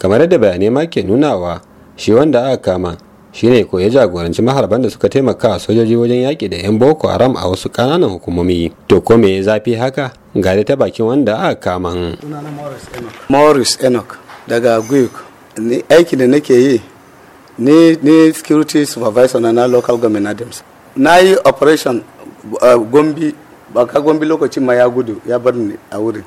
kamar yadda bayanai ma ke nunawa shi wanda aka kama shine ko ya jagoranci maharban da suka taimaka a sojoji wajen yaƙi da 'yan boko haram a wasu ƙananan hukumomi to ko me zafi haka ga ta bakin wanda aka kama morris enoch daga guik aiki da nake yi ni ni security supervisor na local government adams na yi operation eh, gombi baka gombi lokacin ma ya gudu ya bar ni a wurin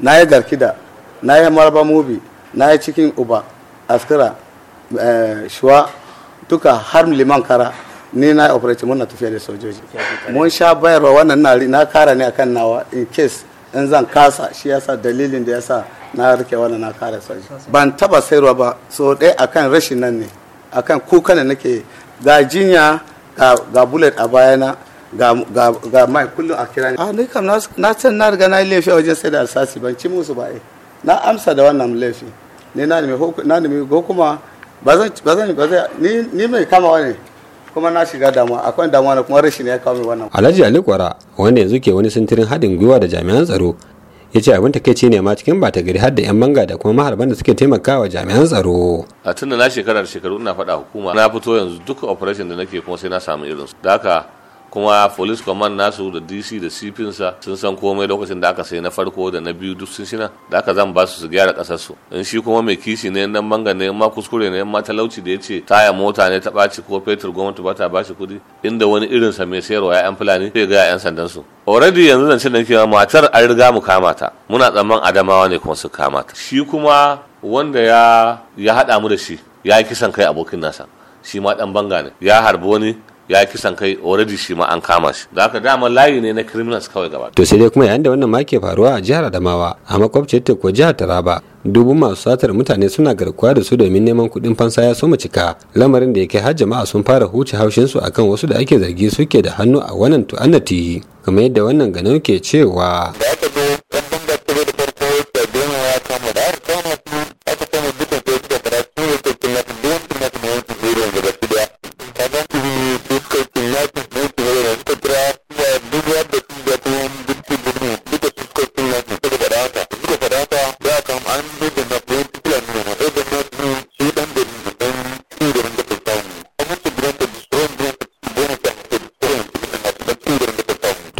na yi garkida na yi maraba movie. na yi cikin uba askara eh, shuwa duka har liman kara ni na operation muna tafiya da sojoji mun sha bayarwa wannan na na kara ne akan nawa in case in zan kasa shi yasa dalilin da yasa na rike wannan na kara sojoji ban taba sayarwa ba so dai akan rashin nan ne akan kuka ne nake ga jinya ga bullet a bayana ga mai kullum a kira a ah, ni kam na san na riga na yi laifi a wajen sai da alsasi ban ci musu ba eh. na amsa da wannan laifi ne na nemi na nemi hukuma ba zan ba ba ni ni mai kama ne kuma na shiga damuwa akwai damuwa na kuma rashin ya kawo wannan Alhaji Ali Kwara wanda yanzu ke wani sintirin hadin gwiwa da jami'an tsaro ya ce abin takaici ne ma cikin bata gari har da 'yan manga da kuma maharban da suke taimakawa jami'an tsaro a tunda na shekarar shekaru ina faɗa hukuma na fito yanzu duk operation da nake kuma sai na samu irinsu da haka kuma police command nasu da dc da sa sun san komai lokacin da aka sai na farko da na biyu duk sun shina da aka zan ba su su gyara kasar su in shi kuma mai kishi ne nan banga ne ma kuskure ne ma talauci da yace taya mota ne ta baci ko fetur gwamnati ba ta bashi kuɗi inda wani irin sa mai sayarwa ya'yan fulani zai ga ya'yan sandan su already yanzu zan ce da kewa matar an riga mu kama ta muna tsamman adamawa ne kuma su kama ta shi kuma wanda ya ya haɗa mu da shi ya yi kisan kai abokin nasa shi ma dan banga ne ya harbi wani ya kisan kai already shi ma an kama shi da haka dama layi ne na criminals kawai gaba to sai dai kuma yayin da wannan ma ke faruwa a jihar Adamawa a ta teku jihar Taraba dubu masu satar mutane suna garkuwa da su domin neman kuɗin fansa ya soma cika lamarin da ya kai har jama'a sun fara huce haushin su akan wasu da ake zargi suke da hannu a wannan tu'annati kamar yadda wannan ganau ke cewa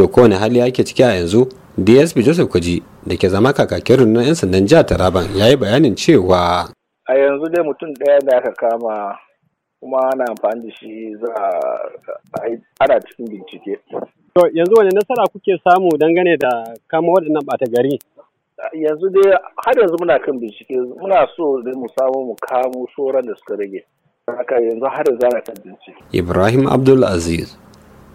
to kowane hali ake ciki a yanzu dsp joseph kwaji da ke zama kakakin rundunar 'yan sandan jihar taraban ya yi bayanin cewa a yanzu dai mutum ɗaya da aka kama kuma ana amfani da shi za ana cikin bincike to yanzu wani nasara kuke samu dangane da kama waɗannan ɓata gari yanzu dai har yanzu muna kan bincike muna so dai mu samu mu kamo sauran da suka rage haka yanzu har yanzu ana kan bincike ibrahim abdul aziz